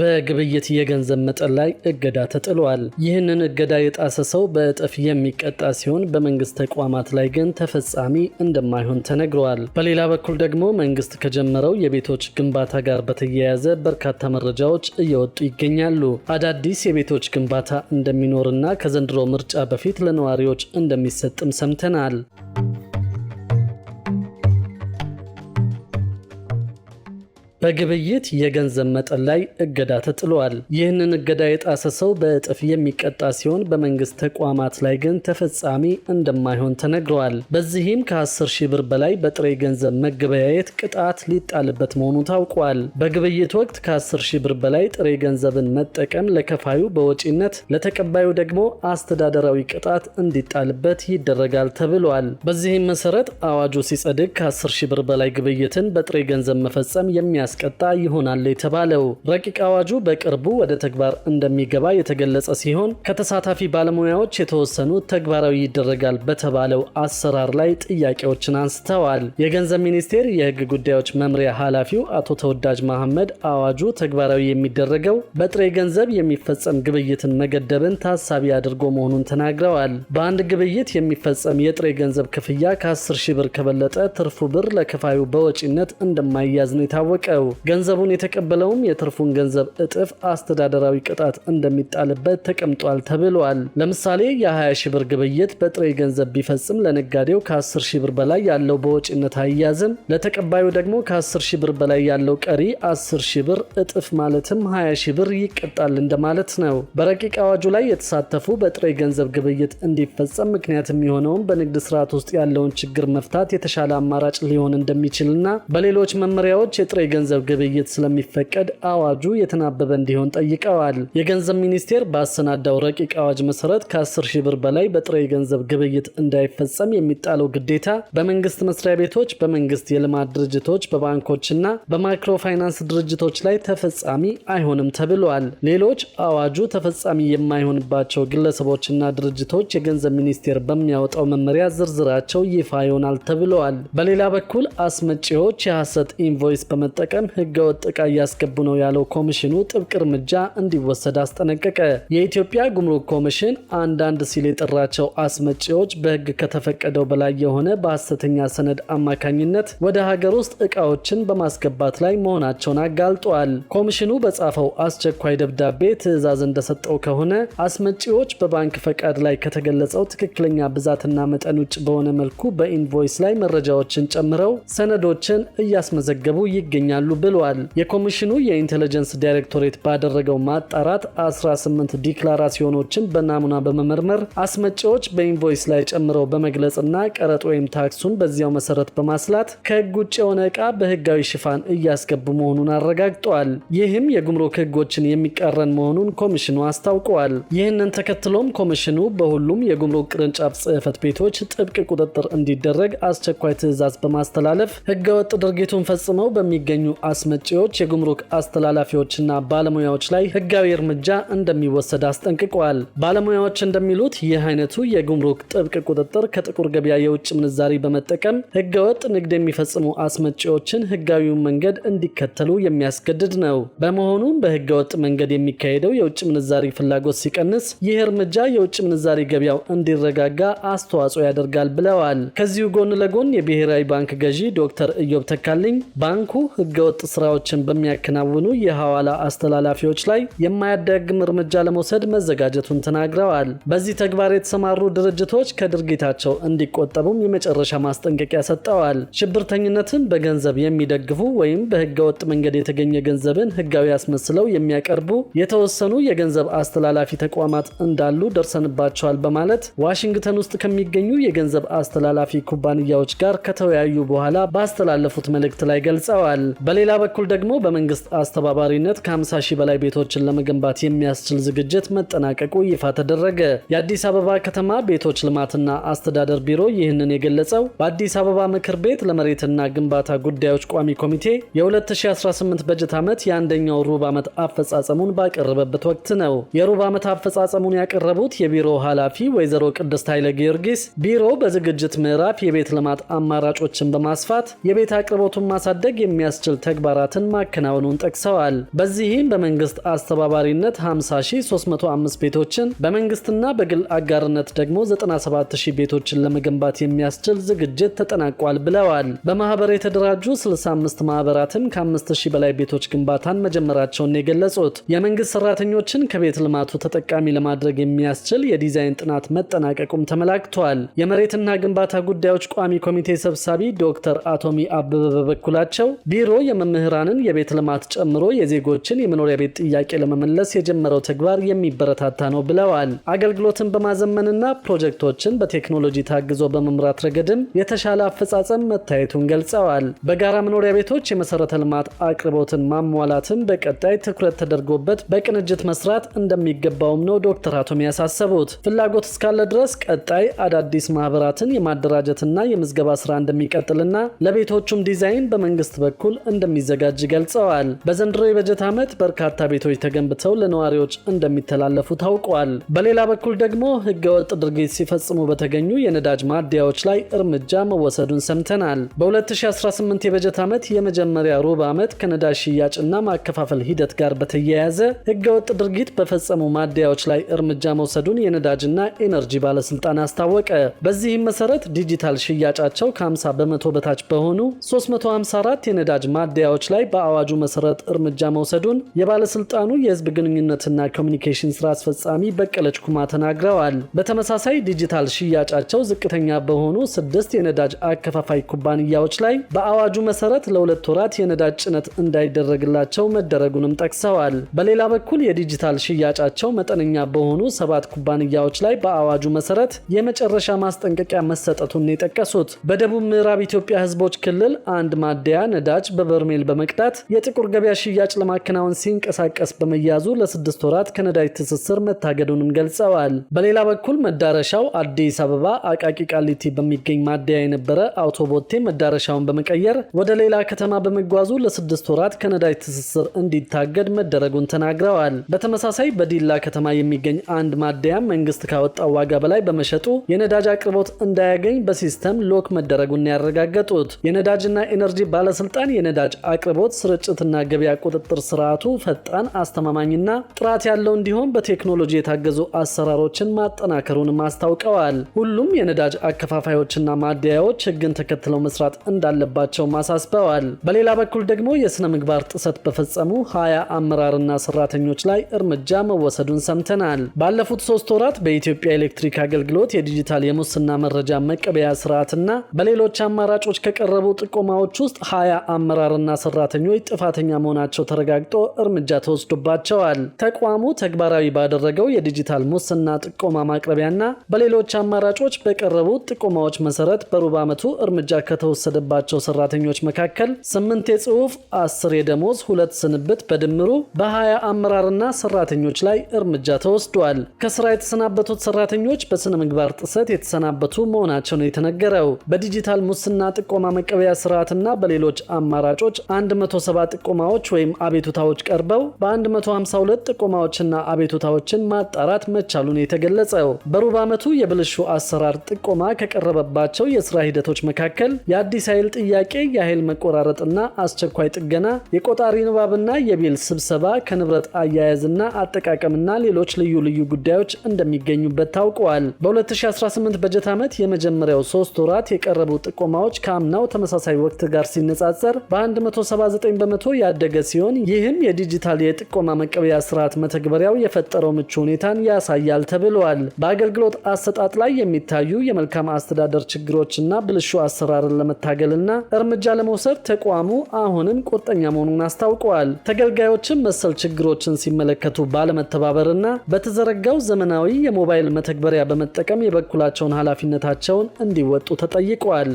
በግብይት የገንዘብ መጠን ላይ እገዳ ተጥሏል። ይህንን እገዳ የጣሰ ሰው በእጥፍ የሚቀጣ ሲሆን በመንግስት ተቋማት ላይ ግን ተፈጻሚ እንደማይሆን ተነግሯል። በሌላ በኩል ደግሞ መንግስት ከጀመረው የቤቶች ግንባታ ጋር በተያያዘ በርካታ መረጃዎች እየወጡ ይገኛሉ። አዳዲስ የቤቶች ግንባታ እንደሚኖርና ከዘንድሮ ምርጫ በፊት ለነዋሪዎች እንደሚሰጥም ሰምተናል። በግብይት የገንዘብ መጠን ላይ እገዳ ተጥሏል። ይህንን እገዳ የጣሰ ሰው በእጥፍ የሚቀጣ ሲሆን በመንግስት ተቋማት ላይ ግን ተፈጻሚ እንደማይሆን ተነግረዋል። በዚህም ከ10 ሺህ ብር በላይ በጥሬ ገንዘብ መገበያየት ቅጣት ሊጣልበት መሆኑ ታውቋል። በግብይት ወቅት ከ10 ሺህ ብር በላይ ጥሬ ገንዘብን መጠቀም ለከፋዩ በወጪነት ለተቀባዩ ደግሞ አስተዳደራዊ ቅጣት እንዲጣልበት ይደረጋል ተብሏል። በዚህም መሰረት አዋጁ ሲጸድቅ ከ10 ሺህ ብር በላይ ግብይትን በጥሬ ገንዘብ መፈጸም የሚያስ የሚያስቀጣ ይሆናል የተባለው። ረቂቅ አዋጁ በቅርቡ ወደ ተግባር እንደሚገባ የተገለጸ ሲሆን ከተሳታፊ ባለሙያዎች የተወሰኑ ተግባራዊ ይደረጋል በተባለው አሰራር ላይ ጥያቄዎችን አንስተዋል። የገንዘብ ሚኒስቴር የህግ ጉዳዮች መምሪያ ኃላፊው አቶ ተወዳጅ መሐመድ አዋጁ ተግባራዊ የሚደረገው በጥሬ ገንዘብ የሚፈጸም ግብይትን መገደብን ታሳቢ አድርጎ መሆኑን ተናግረዋል። በአንድ ግብይት የሚፈጸም የጥሬ ገንዘብ ክፍያ ከ10 ሺህ ብር ከበለጠ ትርፉ ብር ለከፋዩ በወጪነት እንደማይያዝ ነው የታወቀው። ነው። ገንዘቡን የተቀበለውም የትርፉን ገንዘብ እጥፍ አስተዳደራዊ ቅጣት እንደሚጣልበት ተቀምጧል ተብሏል። ለምሳሌ የ20 ሺ ብር ግብይት በጥሬ ገንዘብ ቢፈጽም ለነጋዴው ከ10 ሺ ብር በላይ ያለው በወጪነት አይያዝም። ለተቀባዩ ደግሞ ከ10 ሺ ብር በላይ ያለው ቀሪ 10 ሺ ብር እጥፍ ማለትም 20 ሺ ብር ይቀጣል እንደማለት ነው። በረቂቅ አዋጁ ላይ የተሳተፉ በጥሬ ገንዘብ ግብይት እንዲፈጸም ምክንያት የሚሆነውም በንግድ ስርዓት ውስጥ ያለውን ችግር መፍታት የተሻለ አማራጭ ሊሆን እንደሚችልና በሌሎች መመሪያዎች የጥሬ ገንዘብ የገንዘብ ግብይት ስለሚፈቀድ አዋጁ የተናበበ እንዲሆን ጠይቀዋል። የገንዘብ ሚኒስቴር በአሰናዳው ረቂቅ አዋጅ መሰረት ከ10 ሺህ ብር በላይ በጥሬ ገንዘብ ግብይት እንዳይፈጸም የሚጣለው ግዴታ በመንግስት መስሪያ ቤቶች፣ በመንግስት የልማት ድርጅቶች፣ በባንኮችና በማይክሮ ፋይናንስ ድርጅቶች ላይ ተፈጻሚ አይሆንም ተብሏል። ሌሎች አዋጁ ተፈጻሚ የማይሆንባቸው ግለሰቦችና ድርጅቶች የገንዘብ ሚኒስቴር በሚያወጣው መመሪያ ዝርዝራቸው ይፋ ይሆናል ተብለዋል። በሌላ በኩል አስመጪዎች የሐሰት ኢንቮይስ በመጠቀም በመጠቀም ህገወጥ እቃ እያስገቡ ነው ያለው ኮሚሽኑ ጥብቅ እርምጃ እንዲወሰድ አስጠነቀቀ። የኢትዮጵያ ጉምሩክ ኮሚሽን አንዳንድ ሲል የጠራቸው አስመጪዎች በህግ ከተፈቀደው በላይ የሆነ በሐሰተኛ ሰነድ አማካኝነት ወደ ሀገር ውስጥ እቃዎችን በማስገባት ላይ መሆናቸውን አጋልጧል። ኮሚሽኑ በጻፈው አስቸኳይ ደብዳቤ ትዕዛዝ እንደሰጠው ከሆነ አስመጪዎች በባንክ ፈቃድ ላይ ከተገለጸው ትክክለኛ ብዛትና መጠን ውጭ በሆነ መልኩ በኢንቮይስ ላይ መረጃዎችን ጨምረው ሰነዶችን እያስመዘገቡ ይገኛሉ ይገኛሉ ብለዋል። የኮሚሽኑ የኢንቴሊጀንስ ዳይሬክቶሬት ባደረገው ማጣራት 18 ዲክላራሲዮኖችን በናሙና በመመርመር አስመጪዎች በኢንቮይስ ላይ ጨምረው በመግለጽና ቀረጥ ወይም ታክሱን በዚያው መሰረት በማስላት ከህግ ውጭ የሆነ ዕቃ በህጋዊ ሽፋን እያስገቡ መሆኑን አረጋግጠዋል። ይህም የጉምሩክ ህጎችን የሚቃረን መሆኑን ኮሚሽኑ አስታውቀዋል። ይህንን ተከትሎም ኮሚሽኑ በሁሉም የጉምሩክ ቅርንጫፍ ጽህፈት ቤቶች ጥብቅ ቁጥጥር እንዲደረግ አስቸኳይ ትዕዛዝ በማስተላለፍ ህገወጥ ድርጊቱን ፈጽመው በሚገኙ አስመጪዎች፣ የጉምሩክ አስተላላፊዎችና ባለሙያዎች ላይ ህጋዊ እርምጃ እንደሚወሰድ አስጠንቅቀዋል። ባለሙያዎች እንደሚሉት ይህ አይነቱ የጉምሩክ ጥብቅ ቁጥጥር ከጥቁር ገበያ የውጭ ምንዛሪ በመጠቀም ህገወጥ ንግድ የሚፈጽሙ አስመጪዎችን ህጋዊውን መንገድ እንዲከተሉ የሚያስገድድ ነው። በመሆኑም በህገወጥ መንገድ የሚካሄደው የውጭ ምንዛሪ ፍላጎት ሲቀንስ፣ ይህ እርምጃ የውጭ ምንዛሪ ገበያው እንዲረጋጋ አስተዋጽኦ ያደርጋል ብለዋል። ከዚሁ ጎን ለጎን የብሔራዊ ባንክ ገዢ ዶክተር እዮብ ተካልኝ ባንኩ ህገ ህገወጥ ስራዎችን በሚያከናውኑ የሐዋላ አስተላላፊዎች ላይ የማያዳግም እርምጃ ለመውሰድ መዘጋጀቱን ተናግረዋል። በዚህ ተግባር የተሰማሩ ድርጅቶች ከድርጊታቸው እንዲቆጠቡም የመጨረሻ ማስጠንቀቂያ ሰጠዋል። ሽብርተኝነትን በገንዘብ የሚደግፉ ወይም በህገወጥ መንገድ የተገኘ ገንዘብን ህጋዊ አስመስለው የሚያቀርቡ የተወሰኑ የገንዘብ አስተላላፊ ተቋማት እንዳሉ ደርሰንባቸዋል በማለት ዋሽንግተን ውስጥ ከሚገኙ የገንዘብ አስተላላፊ ኩባንያዎች ጋር ከተወያዩ በኋላ ባስተላለፉት መልእክት ላይ ገልጸዋል። በሌላ በኩል ደግሞ በመንግስት አስተባባሪነት ከ50 ሺህ በላይ ቤቶችን ለመገንባት የሚያስችል ዝግጅት መጠናቀቁ ይፋ ተደረገ። የአዲስ አበባ ከተማ ቤቶች ልማትና አስተዳደር ቢሮ ይህንን የገለጸው በአዲስ አበባ ምክር ቤት ለመሬትና ግንባታ ጉዳዮች ቋሚ ኮሚቴ የ2018 በጀት ዓመት የአንደኛው ሩብ ዓመት አፈጻጸሙን ባቀረበበት ወቅት ነው። የሩብ ዓመት አፈጻጸሙን ያቀረቡት የቢሮ ኃላፊ ወይዘሮ ቅድስት ኃይለ ጊዮርጊስ ቢሮ በዝግጅት ምዕራፍ የቤት ልማት አማራጮችን በማስፋት የቤት አቅርቦቱን ማሳደግ የሚያስችል ተግባራትን ማከናወኑን ጠቅሰዋል። በዚህም በመንግስት አስተባባሪነት 50305 ቤቶችን በመንግስትና በግል አጋርነት ደግሞ 97000 ቤቶችን ለመገንባት የሚያስችል ዝግጅት ተጠናቋል ብለዋል። በማህበር የተደራጁ 65 ማህበራትም ከ5000 በላይ ቤቶች ግንባታን መጀመራቸውን የገለጹት የመንግስት ሰራተኞችን ከቤት ልማቱ ተጠቃሚ ለማድረግ የሚያስችል የዲዛይን ጥናት መጠናቀቁም ተመላክቷል። የመሬትና ግንባታ ጉዳዮች ቋሚ ኮሚቴ ሰብሳቢ ዶክተር አቶሚ አበበ በበኩላቸው ቢሮ የመምህራንን የቤት ልማት ጨምሮ የዜጎችን የመኖሪያ ቤት ጥያቄ ለመመለስ የጀመረው ተግባር የሚበረታታ ነው ብለዋል። አገልግሎትን በማዘመንና ፕሮጀክቶችን በቴክኖሎጂ ታግዞ በመምራት ረገድም የተሻለ አፈጻጸም መታየቱን ገልጸዋል። በጋራ መኖሪያ ቤቶች የመሰረተ ልማት አቅርቦትን ማሟላትን በቀጣይ ትኩረት ተደርጎበት በቅንጅት መስራት እንደሚገባውም ነው ዶክተር አቶም ያሳሰቡት። ፍላጎት እስካለ ድረስ ቀጣይ አዳዲስ ማህበራትን የማደራጀትና የምዝገባ ስራ እንደሚቀጥልና ለቤቶቹም ዲዛይን በመንግስት በኩል እንደ እንደሚዘጋጅ ገልጸዋል። በዘንድሮ የበጀት ዓመት በርካታ ቤቶች ተገንብተው ለነዋሪዎች እንደሚተላለፉ ታውቋል። በሌላ በኩል ደግሞ ህገወጥ ድርጊት ሲፈጽሙ በተገኙ የነዳጅ ማደያዎች ላይ እርምጃ መወሰዱን ሰምተናል። በ2018 የበጀት ዓመት የመጀመሪያ ሩብ ዓመት ከነዳጅ ሽያጭና ማከፋፈል ሂደት ጋር በተያያዘ ህገወጥ ድርጊት በፈጸሙ ማደያዎች ላይ እርምጃ መውሰዱን የነዳጅና ኤነርጂ ባለስልጣን አስታወቀ። በዚህም መሰረት ዲጂታል ሽያጫቸው ከ50 በመቶ በታች በሆኑ 354 የነዳጅ ማ ማደያዎች ላይ በአዋጁ መሰረት እርምጃ መውሰዱን የባለስልጣኑ የህዝብ ግንኙነትና ኮሚኒኬሽን ስራ አስፈጻሚ በቀለች ኩማ ተናግረዋል። በተመሳሳይ ዲጂታል ሽያጫቸው ዝቅተኛ በሆኑ ስድስት የነዳጅ አከፋፋይ ኩባንያዎች ላይ በአዋጁ መሰረት ለሁለት ወራት የነዳጅ ጭነት እንዳይደረግላቸው መደረጉንም ጠቅሰዋል። በሌላ በኩል የዲጂታል ሽያጫቸው መጠነኛ በሆኑ ሰባት ኩባንያዎች ላይ በአዋጁ መሰረት የመጨረሻ ማስጠንቀቂያ መሰጠቱን የጠቀሱት በደቡብ ምዕራብ ኢትዮጵያ ህዝቦች ክልል አንድ ማደያ ነዳጅ በበ በርሜል በመቅዳት የጥቁር ገበያ ሽያጭ ለማከናወን ሲንቀሳቀስ በመያዙ ለስድስት ወራት ከነዳጅ ትስስር መታገዱንም ገልጸዋል። በሌላ በኩል መዳረሻው አዲስ አበባ አቃቂ ቃሊቲ በሚገኝ ማደያ የነበረ አውቶቦቴ መዳረሻውን በመቀየር ወደ ሌላ ከተማ በመጓዙ ለስድስት ወራት ከነዳጅ ትስስር እንዲታገድ መደረጉን ተናግረዋል። በተመሳሳይ በዲላ ከተማ የሚገኝ አንድ ማደያ መንግስት ካወጣው ዋጋ በላይ በመሸጡ የነዳጅ አቅርቦት እንዳያገኝ በሲስተም ሎክ መደረጉን ያረጋገጡት የነዳጅና ኤነርጂ ባለስልጣን የነዳ የነዳጅ አቅርቦት ስርጭትና ገበያ ቁጥጥር ስርዓቱ ፈጣን፣ አስተማማኝና ጥራት ያለው እንዲሆን በቴክኖሎጂ የታገዙ አሰራሮችን ማጠናከሩንም አስታውቀዋል። ሁሉም የነዳጅ አከፋፋዮችና ማደያዎች ሕግን ተከትለው መስራት እንዳለባቸው አሳስበዋል። በሌላ በኩል ደግሞ የሥነ ምግባር ጥሰት በፈጸሙ ሀያ አመራርና ሰራተኞች ላይ እርምጃ መወሰዱን ሰምተናል። ባለፉት ሶስት ወራት በኢትዮጵያ ኤሌክትሪክ አገልግሎት የዲጂታል የሙስና መረጃ መቀበያ ስርዓትና በሌሎች አማራጮች ከቀረቡ ጥቆማዎች ውስጥ ሀያ አመራር አመራርና ሰራተኞች ጥፋተኛ መሆናቸው ተረጋግጦ እርምጃ ተወስዶባቸዋል። ተቋሙ ተግባራዊ ባደረገው የዲጂታል ሙስና ጥቆማ ማቅረቢያና በሌሎች አማራጮች በቀረቡ ጥቆማዎች መሰረት በሩብ ዓመቱ እርምጃ ከተወሰደባቸው ሰራተኞች መካከል ስምንት የጽሑፍ፣ አስር የደሞዝ፣ ሁለት ስንብት በድምሩ በሀያ አመራርና ሰራተኞች ላይ እርምጃ ተወስዷል። ከስራ የተሰናበቱት ሰራተኞች በስነ ምግባር ጥሰት የተሰናበቱ መሆናቸው ነው የተነገረው። በዲጂታል ሙስና ጥቆማ መቀበያ ስርዓትና በሌሎች አማራጮች አማራጮች 170 ጥቆማዎች ወይም አቤቱታዎች ቀርበው በ152 ጥቆማዎችና አቤቱታዎችን ማጣራት መቻሉን የተገለጸው በሩብ ዓመቱ የብልሹ አሰራር ጥቆማ ከቀረበባቸው የስራ ሂደቶች መካከል የአዲስ ኃይል ጥያቄ፣ የኃይል መቆራረጥና አስቸኳይ ጥገና፣ የቆጣሪ ንባብና የቢል ስብሰባ ከንብረት አያያዝና አጠቃቀምና ሌሎች ልዩ ልዩ ጉዳዮች እንደሚገኙበት ታውቀዋል። በ2018 በጀት ዓመት የመጀመሪያው ሶስት ወራት የቀረቡ ጥቆማዎች ከአምናው ተመሳሳይ ወቅት ጋር ሲነጻጸር በ1 179 በመቶ ያደገ ሲሆን ይህም የዲጂታል የጥቆማ መቀበያ ስርዓት መተግበሪያው የፈጠረው ምቹ ሁኔታን ያሳያል ተብለዋል። በአገልግሎት አሰጣጥ ላይ የሚታዩ የመልካም አስተዳደር ችግሮችና ብልሹ አሰራርን ለመታገልና እርምጃ ለመውሰድ ተቋሙ አሁንም ቁርጠኛ መሆኑን አስታውቀዋል። ተገልጋዮችን መሰል ችግሮችን ሲመለከቱ ባለመተባበርና በተዘረጋው ዘመናዊ የሞባይል መተግበሪያ በመጠቀም የበኩላቸውን ኃላፊነታቸውን እንዲወጡ ተጠይቋል።